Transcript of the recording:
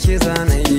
kiss her name